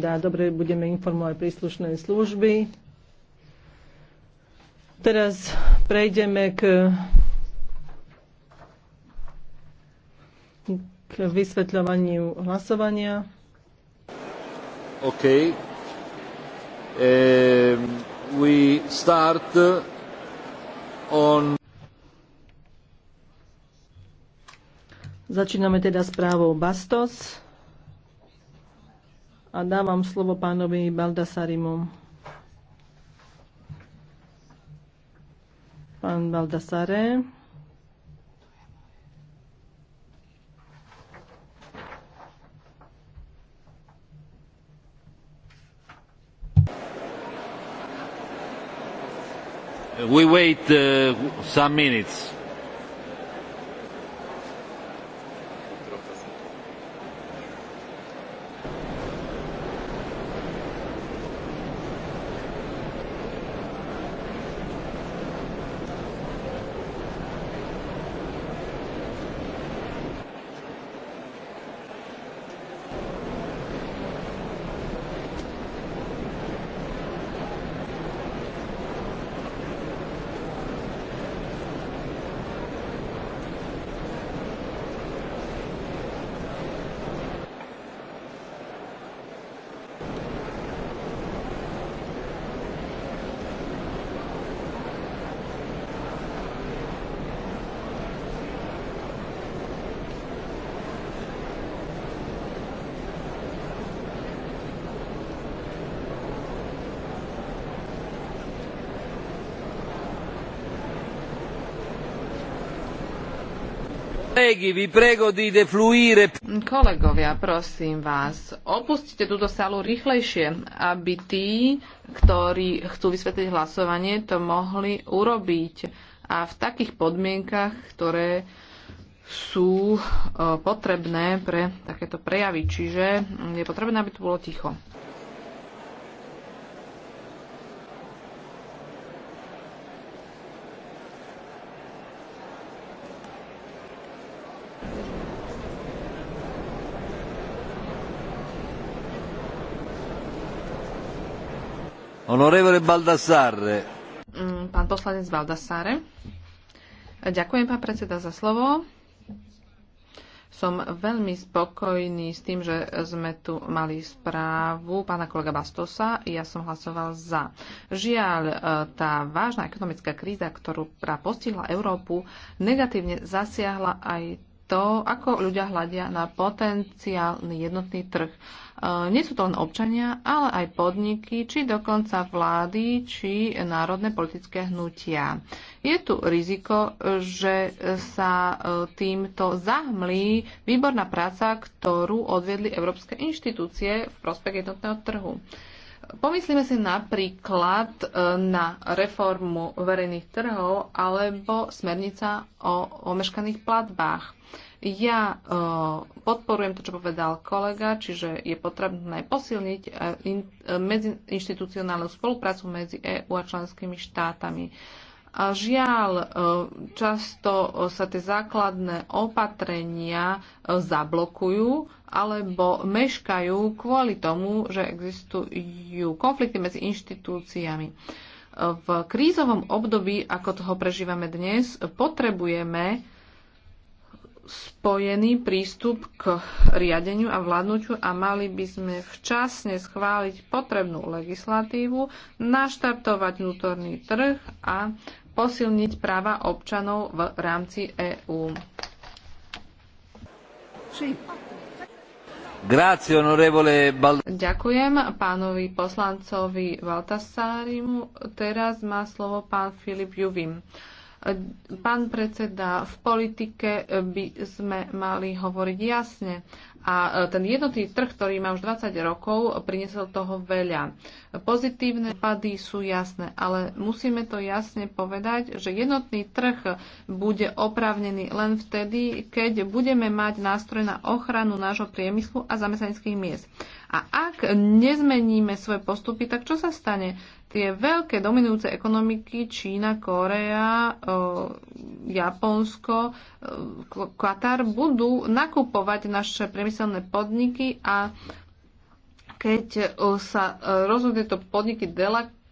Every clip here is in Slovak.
teda dobre budeme informovať príslušné služby. Teraz prejdeme k, k vysvetľovaniu hlasovania. OK. Um, we start on... Začíname teda správou Bastos a dávam slovo pánovi Baldasarimu. Pán Baldasare. We wait uh, some minutes. Kolegovia, prosím vás, opustite túto sálu rýchlejšie, aby tí, ktorí chcú vysvetliť hlasovanie, to mohli urobiť a v takých podmienkach, ktoré sú eh, potrebné pre takéto prejavy. Čiže je potrebné, aby tu bolo ticho. Baldassarre. Mm, pán poslanec Baldassare. Ďakujem, pán predseda, za slovo. Som veľmi spokojný s tým, že sme tu mali správu pána kolega Bastosa. Ja som hlasoval za. Žiaľ, e, tá vážna ekonomická kríza, ktorú postihla Európu, negatívne zasiahla aj to, ako ľudia hľadia na potenciálny jednotný trh E, nie sú to len občania, ale aj podniky, či dokonca vlády, či národné politické hnutia. Je tu riziko, že sa e, týmto zahmlí výborná práca, ktorú odviedli európske inštitúcie v prospech jednotného trhu. Pomyslíme si napríklad e, na reformu verejných trhov alebo smernica o omeškaných platbách ja e, podporujem to, čo povedal kolega, čiže je potrebné posilniť e, e, medziinstitucionálnu spoluprácu medzi EÚ a členskými štátami. A žiaľ, často sa tie základné opatrenia zablokujú alebo meškajú kvôli tomu, že existujú konflikty medzi inštitúciami. V krízovom období, ako toho prežívame dnes, potrebujeme spojený prístup k riadeniu a vládnutiu a mali by sme včasne schváliť potrebnú legislatívu, naštartovať vnútorný trh a posilniť práva občanov v rámci EÚ. Ďakujem pánovi poslancovi Valtasárimu. Teraz má slovo pán Filip Juvim. Pán predseda, v politike by sme mali hovoriť jasne. A e, ten jednotný trh, ktorý má už 20 rokov, priniesol toho veľa. Pozitívne pady sú jasné, ale musíme to jasne povedať, že jednotný trh bude opravnený len vtedy, keď budeme mať nástroj na ochranu nášho priemyslu a zamestnaneckých miest. A ak nezmeníme svoje postupy, tak čo sa stane? Tie veľké dominujúce ekonomiky, Čína, Korea, Japonsko, Katar, budú nakupovať naše priemyselné podniky a keď sa e, rozhodne to podniky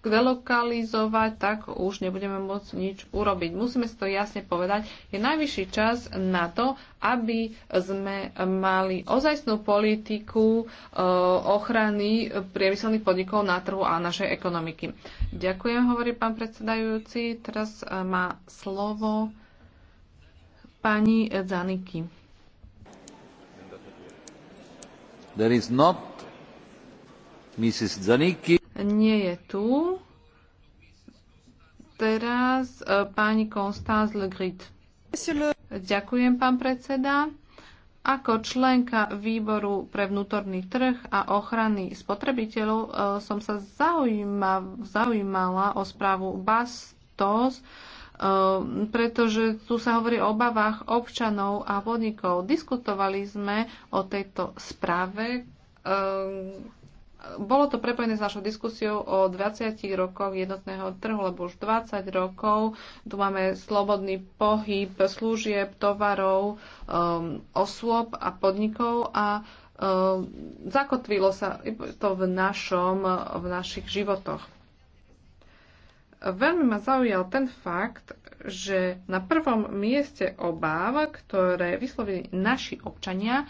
delokalizovať, tak už nebudeme môcť nič urobiť. Musíme si to jasne povedať. Je najvyšší čas na to, aby sme mali ozajstnú politiku e, ochrany priemyselných podnikov na trhu a našej ekonomiky. Ďakujem, hovorí pán predsedajúci. Teraz e, má slovo pani Zaniky. There is not Mrs. Zanicki nie je tu. Teraz e, pani Constance Le Grit. Ďakujem, pán predseda. Ako členka výboru pre vnútorný trh a ochrany spotrebiteľov e, som sa zaujíma, zaujímala o správu Bastos, e, pretože tu sa hovorí o obavách občanov a podnikov. Diskutovali sme o tejto správe, bolo to prepojené s našou diskusiou o 20 rokoch jednotného trhu, lebo už 20 rokov tu máme slobodný pohyb služieb, tovarov, um, osôb a podnikov a um, zakotvilo sa to v, našom, v našich životoch. Veľmi ma zaujal ten fakt, že na prvom mieste obáv, ktoré vyslovili naši občania,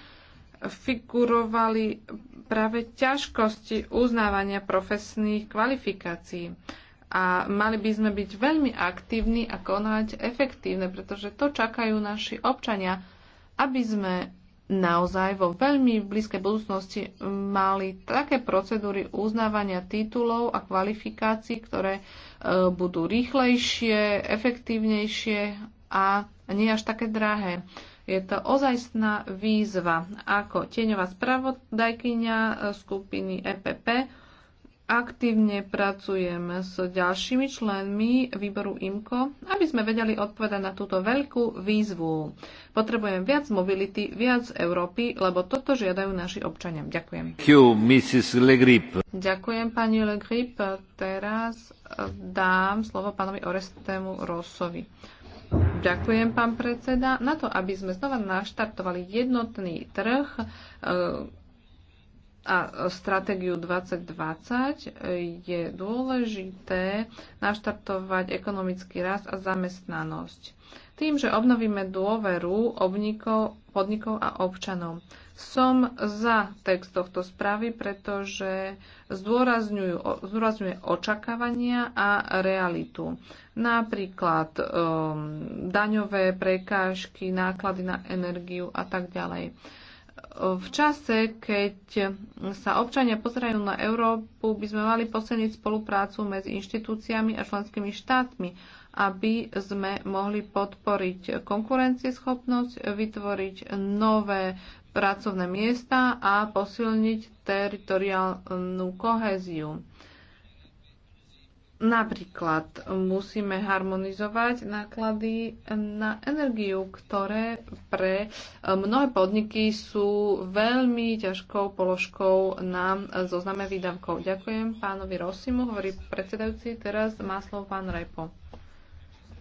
figurovali práve ťažkosti uznávania profesných kvalifikácií. A mali by sme byť veľmi aktívni a konať efektívne, pretože to čakajú naši občania, aby sme naozaj vo veľmi blízkej budúcnosti mali také procedúry uznávania titulov a kvalifikácií, ktoré e, budú rýchlejšie, efektívnejšie a nie až také drahé. Je to ozajstná výzva. Ako tieňová spravodajkyňa eh, skupiny EPP aktívne pracujeme s ďalšími členmi výboru IMCO, aby sme vedeli odpovedať na túto veľkú výzvu. Potrebujem viac mobility, viac Európy, lebo toto žiadajú naši občania. Ďakujem. Ďakujem, pani Le Grip. Teraz eh, dám slovo pánovi Orestému Rosovi. Ďakujem, pán predseda. Na to, aby sme znova naštartovali jednotný trh e, a stratégiu 2020, je dôležité naštartovať ekonomický rast a zamestnanosť. Tým, že obnovíme dôveru obnikov, podnikov a občanov. Som za text tohto správy, pretože zdôrazňuje očakávania a realitu. Napríklad um, daňové prekážky, náklady na energiu a tak ďalej. V čase, keď sa občania pozerajú na Európu, by sme mali posilniť spoluprácu medzi inštitúciami a členskými štátmi, aby sme mohli podporiť konkurencieschopnosť, vytvoriť nové pracovné miesta a posilniť teritoriálnu kohéziu. Napríklad musíme harmonizovať náklady na energiu, ktoré pre mnohé podniky sú veľmi ťažkou položkou na zozname výdavkov. Ďakujem pánovi Rosimu, hovorí predsedajúci, teraz má slovo pán Repo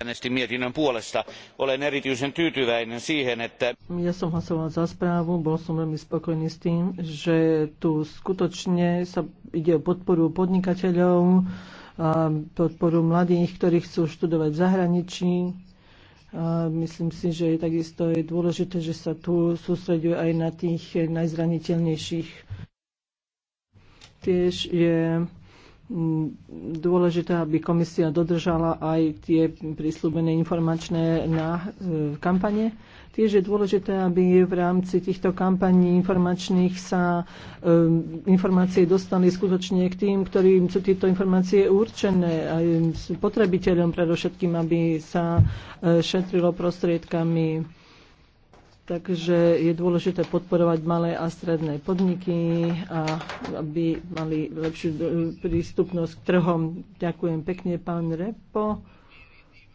äänestin mietinnön puolesta. Olen erityisen tyytyväinen siihen, että... Ja som hlasoval za správu, bol som veľmi spokojný s tým, že tu skutočne sa ide o podporu podnikateľov, a podporu mladých, ktorí chcú študovať v zahraničí. A myslím si, že takisto je dôležité, že sa tu sústreďuje aj na tých najzraniteľnejších. Tiež je dôležité, aby komisia dodržala aj tie prísľubené informačné na, e, kampane. Tiež je dôležité, aby v rámci týchto kampaní informačných sa e, informácie dostali skutočne k tým, ktorým sú tieto informácie určené aj potrebiteľom predovšetkým, aby sa e, šetrilo prostriedkami Takže je dôležité podporovať malé a stredné podniky, a aby mali lepšiu prístupnosť k trhom. Ďakujem pekne, pán Repo.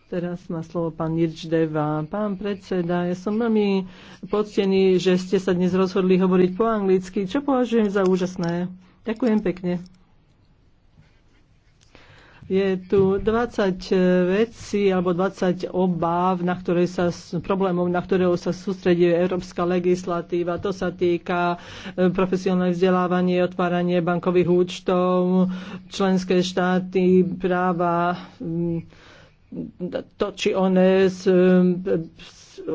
Teraz má slovo pán Irčdeva. Pán predseda, ja som veľmi poctený, že ste sa dnes rozhodli hovoriť po anglicky, čo považujem za úžasné. Ďakujem pekne. Je tu 20 e, vecí alebo 20 obáv, na ktoré sa, problémov, na ktorého sa sústredí európska legislatíva. To sa týka e, profesionálne vzdelávanie, otváranie bankových účtov, členské štáty, práva to či one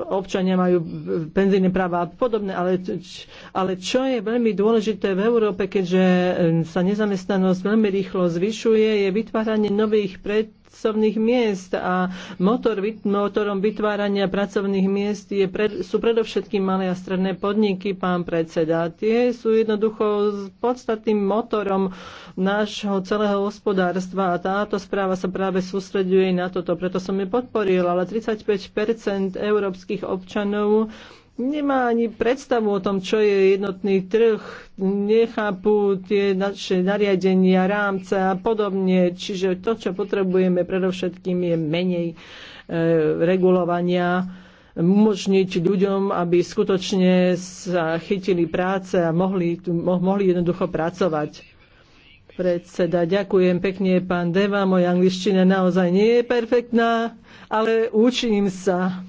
občania majú penzíne práva a podobné, ale, ale čo je veľmi dôležité v Európe, keďže e, sa nezamestnanosť veľmi rýchlo zvyšuje, je vytváranie nových pred pracovných miest a motor, motorom vytvárania pracovných miest je pred, sú predovšetkým malé a stredné podniky, pán predseda. Tie sú jednoducho podstatným motorom nášho celého hospodárstva a táto správa sa práve sústreduje na toto, preto som ju podporil, ale 35 európskych občanov nemá ani predstavu o tom, čo je jednotný trh, nechápu tie naše nariadenia, rámce a podobne. Čiže to, čo potrebujeme predovšetkým, je menej e, regulovania, umožniť ľuďom, aby skutočne sa chytili práce a mohli, mo, mohli jednoducho pracovať. Predseda, ďakujem pekne, pán Deva. Moja angličtina naozaj nie je perfektná, ale učím sa.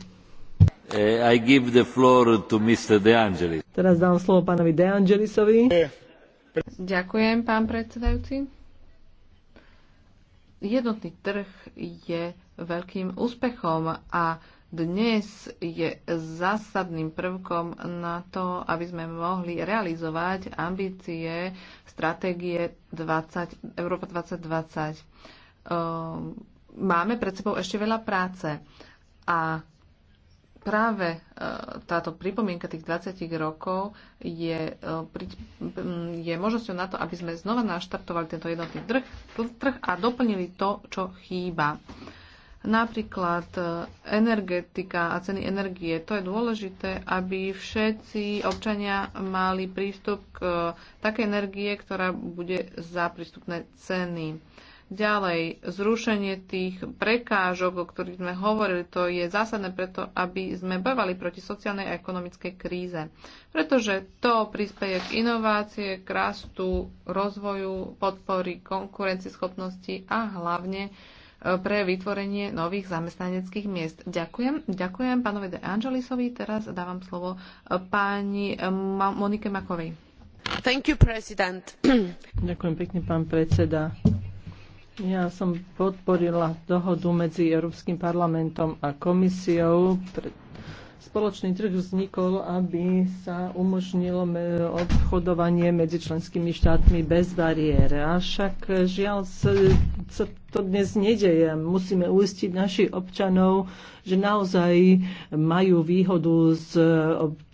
Eh, I give the floor to Mr. De Angelis. Teraz dám slovo pánovi De Angelisovi. Ďakujem, pán predsedajúci. Jednotný trh je veľkým úspechom a dnes je zásadným prvkom na to, aby sme mohli realizovať ambície stratégie 20, Európa 2020. Ehm, máme pred sebou ešte veľa práce a práve e, táto pripomienka tých 20 rokov je, e, je možnosťou na to, aby sme znova naštartovali tento jednotný trh, trh a doplnili to, čo chýba. Napríklad e, energetika a ceny energie. To je dôležité, aby všetci občania mali prístup k takej energie, ktorá bude za prístupné ceny Ďalej, zrušenie tých prekážok, o ktorých sme hovorili, to je zásadné preto, aby sme bojovali proti sociálnej a ekonomickej kríze. Pretože to prispieje k inovácie, k rastu, rozvoju, podpory konkurencieschopnosti a hlavne e, pre vytvorenie nových zamestnaneckých miest. Ďakujem. Ďakujem pánovi De Angelisovi. Teraz dávam slovo e, pani e, Monike Makovej. You, Ďakujem pekne, pán predseda. Ja som podporila dohodu medzi Európskym parlamentom a komisiou, spoločný trh vznikol, aby sa umožnilo obchodovanie medzi členskými štátmi bez bariér. Avšak žiaľ sa to dnes nedeje. Musíme uistiť našich občanov, že naozaj majú výhodu z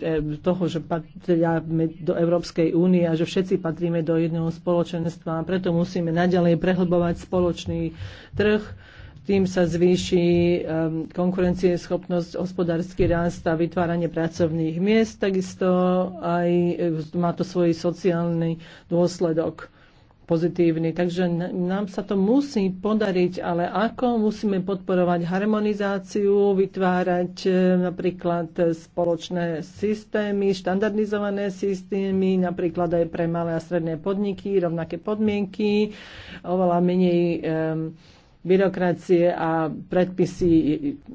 e, toho, že patria do Európskej únie a že všetci patríme do jedného spoločenstva. Preto musíme naďalej prehlbovať spoločný trh tým sa zvýši ehm, konkurencieschopnosť, hospodársky rast a vytváranie pracovných miest, takisto aj e, má to svoj sociálny dôsledok pozitívny. Takže nám sa to musí podariť, ale ako musíme podporovať harmonizáciu, vytvárať e, napríklad spoločné systémy, štandardizované systémy, napríklad aj pre malé a stredné podniky, rovnaké podmienky, oveľa menej ehm, byrokracie a predpisy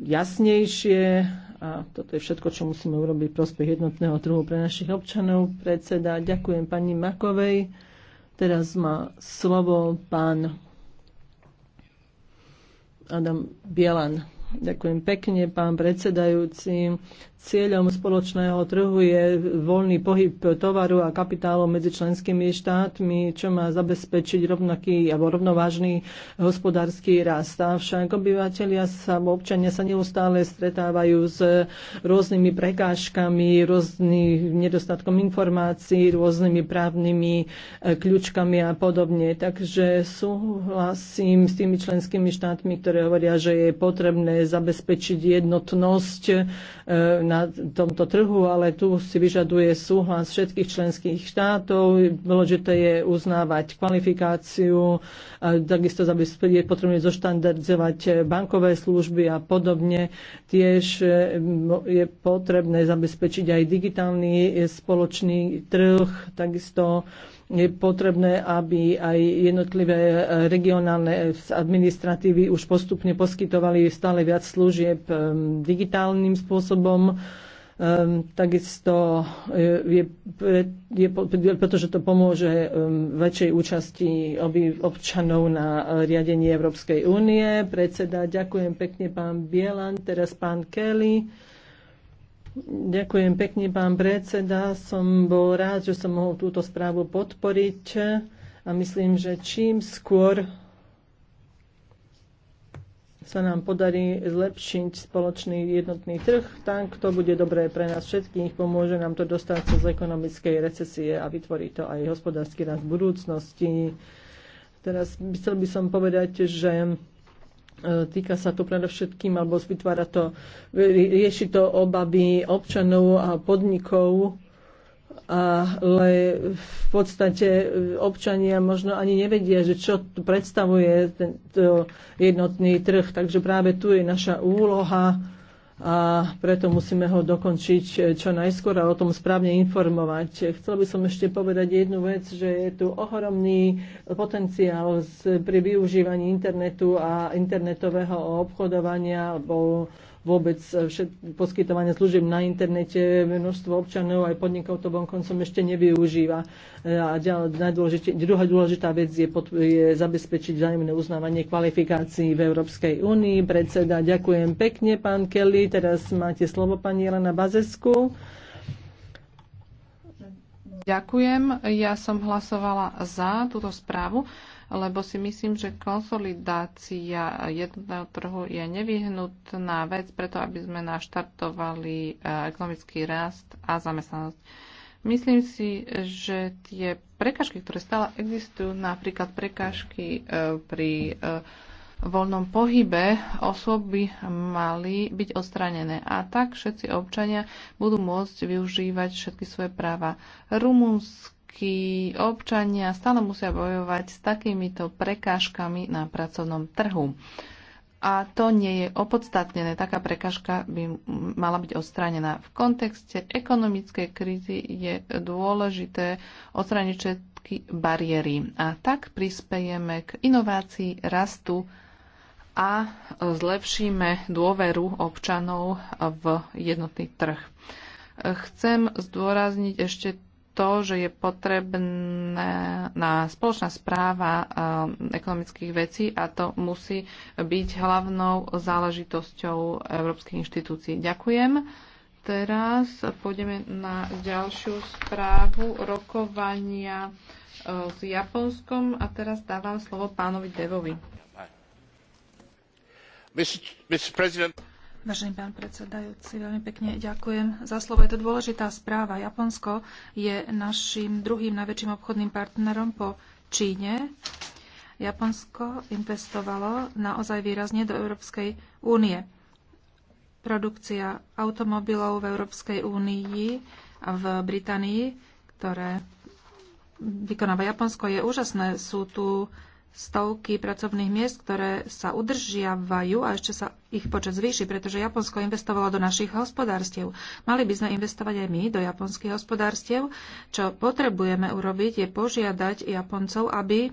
jasnejšie. A toto je všetko, čo musíme urobiť prospech jednotného trhu pre našich občanov. Predseda, ďakujem pani Makovej. Teraz má slovo pán Adam Bielan. Ďakujem pekne, pán predsedajúci. Cieľom spoločného trhu je voľný pohyb tovaru a kapitálu medzi členskými štátmi, čo má zabezpečiť rovnaký alebo rovnovážny hospodársky rast. Avšak obyvateľia sa, občania sa neustále stretávajú s rôznymi prekážkami, rôznym nedostatkom informácií, rôznymi právnymi eh, kľúčkami a podobne. Takže súhlasím s tými členskými štátmi, ktoré hovoria, že je potrebné zabezpečiť jednotnosť eh, na tomto trhu, ale tu si vyžaduje súhlas všetkých členských štátov. Dôležité je uznávať kvalifikáciu, takisto je potrebné zoštandardizovať bankové služby a podobne. Tiež mm, je potrebné zabezpečiť aj digitálny e, spoločný trh, takisto je potrebné, aby aj jednotlivé e, regionálne e, administratívy už postupne poskytovali stále viac služieb e, digitálnym spôsobom. takisto je, je, je, pretože to pomôže väčšej účasti oby, občanov na riadenie Európskej únie. Predseda, ďakujem pekne pán Bielan, teraz pán Kelly. Ďakujem pekne, pán predseda. Som bol rád, že som mohol túto správu podporiť a myslím, že čím skôr sa nám podarí zlepšiť spoločný jednotný trh, tak to bude dobré pre nás všetkých. Pomôže nám to dostať sa z ekonomickej recesie a vytvorí to aj hospodársky rast v budúcnosti. Teraz chcel by som povedať, že E, týka sa to predovšetkým, alebo vytvára to, e, rieši to obavy občanov a podnikov, ale v podstate e, občania možno ani nevedia, že čo predstavuje tento jednotný trh. Takže práve tu je naša úloha a preto musíme ho dokončiť eh, čo najskôr a o tom správne informovať. Chcel by som ešte povedať jednu vec, že je tu ohromný potenciál pri využívaní internetu a internetového obchodovania alebo vôbec e, všet, poskytovanie služieb na internete množstvo občanov aj podnikov to vonkoncom ešte nevyužíva. E, a druhá dôležitá vec je, pod, je zabezpečiť vzájomné uznávanie kvalifikácií v Európskej únii. Predseda, ďakujem pekne, pán Kelly. Teraz máte slovo pani Jelena Bazesku. Ďakujem. Ja som hlasovala za túto správu lebo si myslím, že konsolidácia jednotného trhu je nevyhnutná vec preto, aby sme naštartovali e, ekonomický rast a zamestnanosť. Myslím si, že tie prekažky, ktoré stále existujú, napríklad prekažky e, pri e, voľnom pohybe osoby by mali byť odstranené a tak všetci občania budú môcť využívať všetky svoje práva. Rumunsk európsky občania stále musia bojovať s takýmito prekážkami na pracovnom trhu. A to nie je opodstatnené. Taká prekažka by mala byť odstránená. V kontexte ekonomickej krízy je dôležité odstrániť všetky bariéry. A tak prispejeme k inovácii, rastu a zlepšíme dôveru občanov v jednotný trh. Chcem zdôrazniť ešte to, že je potrebná na spoločná správa eh, ekonomických vecí a to musí byť hlavnou záležitosťou európskych inštitúcií. Ďakujem. Teraz pôjdeme na ďalšiu správu rokovania eh, s Japonskom a teraz dávam slovo pánovi Devovi. Mr. Vážený pán predsedajúci, veľmi pekne ďakujem za slovo. Je to dôležitá správa. Japonsko je našim druhým najväčším obchodným partnerom po Číne. Japonsko investovalo naozaj výrazne do Európskej únie. Produkcia automobilov v Európskej únii a v Británii, ktoré vykonáva Japonsko, je úžasné. Sú tu stovky pracovných miest, ktoré sa udržiavajú a ešte sa ich počet zvýši, pretože Japonsko investovalo do našich hospodárstiev. Mali by sme investovať aj my do japonských hospodárstiev. Čo potrebujeme urobiť, je požiadať Japoncov, aby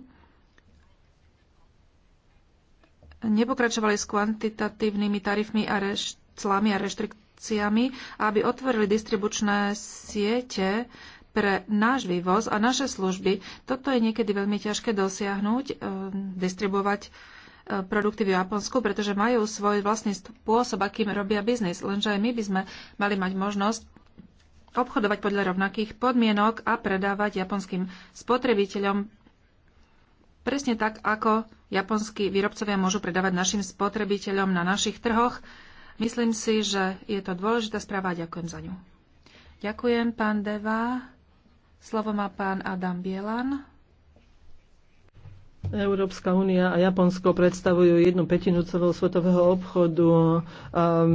nepokračovali s kvantitatívnymi tarifmi a reš- clami a reštrikciami, aby otvorili distribučné siete pre náš vývoz a naše služby. Toto je niekedy veľmi ťažké dosiahnuť, eh, distribuovať eh, produkty v Japonsku, pretože majú svoj vlastný spôsob, akým robia biznis. Lenže aj my by sme mali mať možnosť obchodovať podľa rovnakých podmienok a predávať japonským spotrebiteľom presne tak, ako japonskí výrobcovia môžu predávať našim spotrebiteľom na našich trhoch. Myslím si, že je to dôležitá správa a ďakujem za ňu. Ďakujem, pán Deva. Slovo má pán Adam Bielan. Európska únia a Japonsko predstavujú jednu petinu celého svetového obchodu. A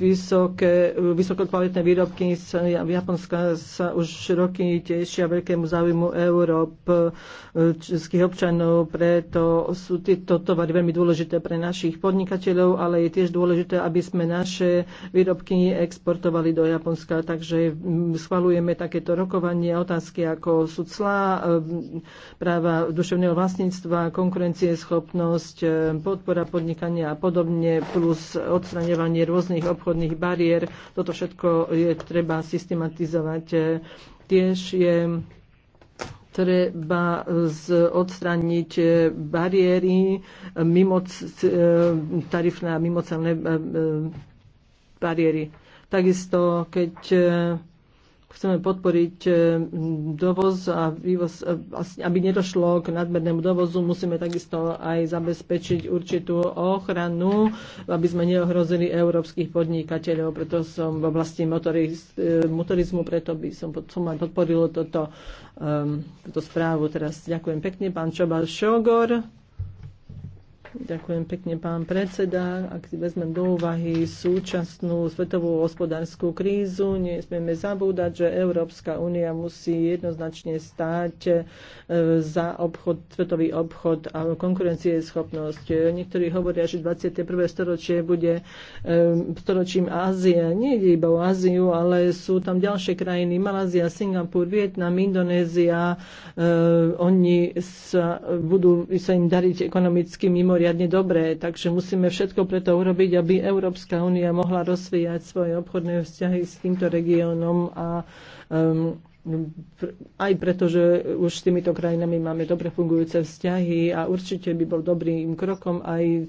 vysoké, vysokokvalitné výrobky z Japonska sa už roky tešia veľkému záujmu Európ, e, českých občanov, preto sú tieto tovary veľmi dôležité pre našich podnikateľov, ale je tiež dôležité, aby sme naše výrobky exportovali do Japonska. Takže mm, schvalujeme takéto rokovanie otázky, ako sú clá, e, práva duševného vlastníctva, hospodárstva, konkurencieschopnosť, e, podpora podnikania a podobne, plus odstraňovanie rôznych obchodných bariér. Toto všetko je treba systematizovať. E, tiež je treba odstrániť e, bariéry, mimo, tarifné a mimocelné bariéry. Takisto, keď chceme podporiť e, dovoz a vývoz, e, vlastne, aby nedošlo k nadmernému dovozu, musíme takisto aj zabezpečiť určitú ochranu, aby sme neohrozili európskych podnikateľov, preto som v oblasti e, motorizmu, preto by som, som aj podporil toto, um, túto správu. Teraz ďakujem pekne, pán Čobal Šogor. Ďakujem pekne, pán predseda. Ak si vezmem do úvahy súčasnú svetovú hospodárskú krízu, nesmieme zabúdať, že Európska únia musí jednoznačne stáť e, za obchod, svetový obchod a konkurencieschopnosť. Niektorí hovoria, že 21. storočie bude e, storočím Ázie. Nie ide iba o Áziu, ale sú tam ďalšie krajiny. Malázia, Singapur, Vietnam, Indonézia. E, oni sa budú sa im dariť ekonomicky mimo mimoriadne dobré, takže musíme všetko preto urobiť, aby Európska únia mohla rozvíjať svoje obchodné vzťahy s týmto regiónom a um, aj preto, že už s týmito krajinami máme dobre fungujúce vzťahy a určite by bol dobrým krokom aj um,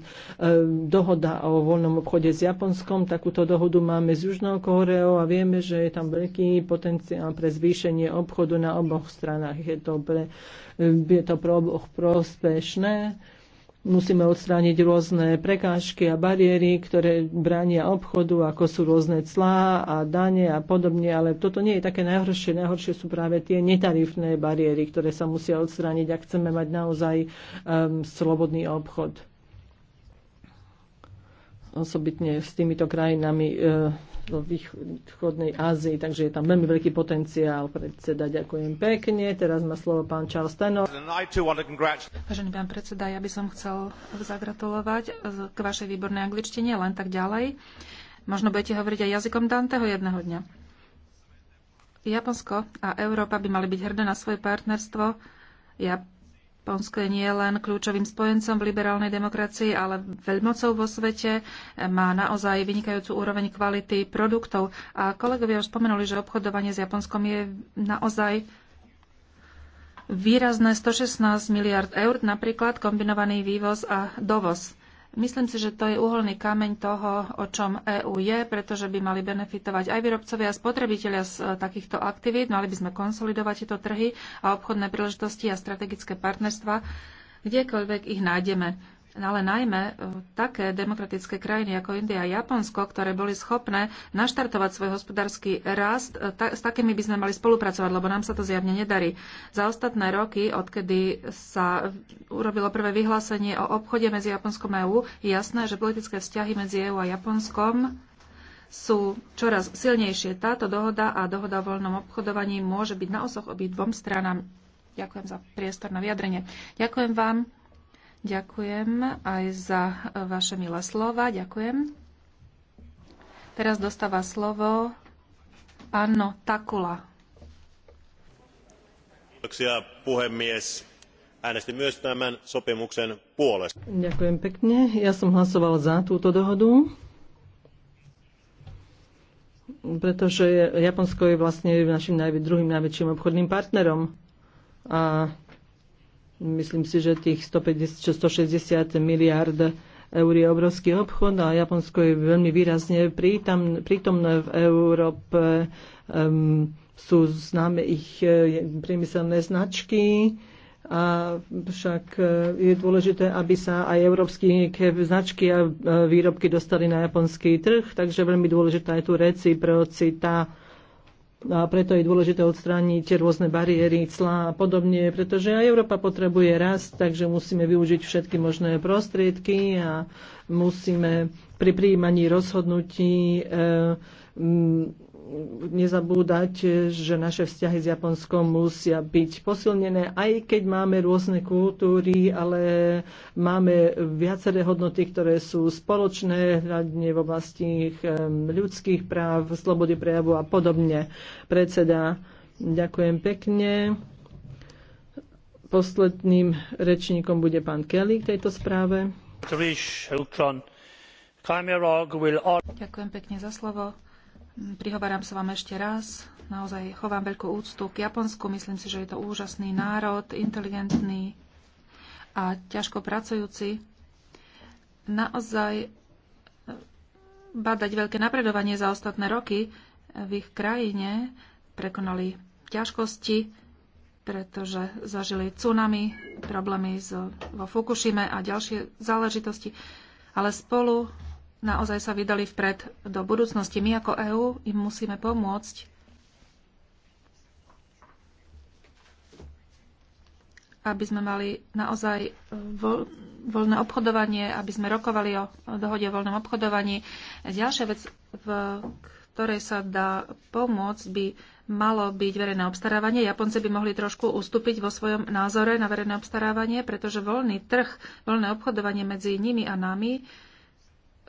dohoda o voľnom obchode s Japonskom. Takúto dohodu máme s Južnou Koreou a vieme, že je tam veľký potenciál pre zvýšenie obchodu na oboch stranách. Je to pre, um, je to pre oboch prospešné musíme odstrániť rôzne prekážky a bariéry, ktoré bránia obchodu, ako sú rôzne clá a dane a podobne, ale toto nie je také najhoršie. Najhoršie sú práve tie netarifné bariéry, ktoré sa musia odstrániť, ak chceme mať naozaj um, slobodný obchod osobitne s týmito krajinami e, vo východnej Ázii, takže je tam veľmi veľký potenciál predseda. Ďakujem pekne. Teraz má slovo pán Charles Tenor. Vážený pán predseda, ja by som chcel zagratulovať k vašej výbornej angličtine, len tak ďalej. Možno budete hovoriť aj jazykom Danteho jedného dňa. Japonsko a Európa by mali byť hrdé na svoje partnerstvo. Ja Japonsko je nie len kľúčovým spojencom v liberálnej demokracii, ale veľmocou vo svete. Má naozaj vynikajúcu úroveň kvality produktov. A kolegovia už spomenuli, že obchodovanie s Japonskom je naozaj výrazné 116 miliard eur, napríklad kombinovaný vývoz a dovoz. Myslím si, že to je uholný kameň toho, o čom EÚ je, pretože by mali benefitovať aj výrobcovia a spotrebitelia z e, takýchto aktivít. Mali by sme konsolidovať tieto trhy a obchodné príležitosti a strategické partnerstva, kdekoľvek ich nájdeme ale najmä e, také demokratické krajiny ako India a Japonsko, ktoré boli schopné naštartovať svoj hospodársky rast, e, ta, s takými by sme mali spolupracovať, lebo nám sa to zjavne nedarí. Za ostatné roky, odkedy sa urobilo prvé vyhlásenie o obchode medzi Japonskom a EÚ, je jasné, že politické vzťahy medzi EÚ a Japonskom sú čoraz silnejšie. Táto dohoda a dohoda o voľnom obchodovaní môže byť na osoch dvom stranám. Ďakujem za priestor na vyjadrenie. Ďakujem vám. Ďakujem aj za vaše milé slova. Ďakujem. Teraz dostáva slovo Anno Takula. Kiitoksia puhemies. Äänestin myös tämän sopimuksen puolesta. Ďakujem pekne. Ja som hlasoval za túto dohodu pretože Japonsko je vlastne našim najvi, druhým najväčším obchodným partnerom. A Myslím si, že tých 150, 160 miliard eur je obrovský obchod a Japonsko je veľmi výrazne prítom, prítomné v Európe. Um, sú známe ich eh, priemyselné značky, a však eh, je dôležité, aby sa aj európsky značky a eh, výrobky dostali na japonský trh, takže veľmi dôležitá je tu reciprocita a preto je dôležité odstrániť rôzne bariéry, clá a podobne, pretože aj Európa potrebuje rast, takže musíme využiť všetky možné prostriedky a musíme pri príjmaní rozhodnutí e, m, nezabúdať, že naše vzťahy s Japonskom musia byť posilnené, aj keď máme rôzne kultúry, ale máme viaceré hodnoty, ktoré sú spoločné, hľadne v oblasti ľudských práv, slobody prejavu a podobne. Predseda, ďakujem pekne. Posledným rečníkom bude pán Kelly k tejto správe. Ďakujem pekne za slovo Prihováram sa vám ešte raz. Naozaj chovám veľkú úctu k Japonsku. Myslím si, že je to úžasný národ, inteligentný a ťažko pracujúci. Naozaj eh, badať veľké napredovanie za ostatné roky v ich krajine. Prekonali ťažkosti, pretože zažili tsunami, problémy vo Fukushime a ďalšie záležitosti. Ale spolu naozaj sa vydali vpred do budúcnosti. My ako EÚ im musíme pomôcť aby sme mali naozaj e, voľné obchodovanie, aby sme rokovali o dohode o voľnom obchodovaní. Ďalšia vec, v ktorej sa dá pomôcť, by malo byť verejné obstarávanie. Japonci by mohli trošku ustúpiť vo svojom názore na verejné obstarávanie, pretože voľný trh, voľné obchodovanie medzi nimi a nami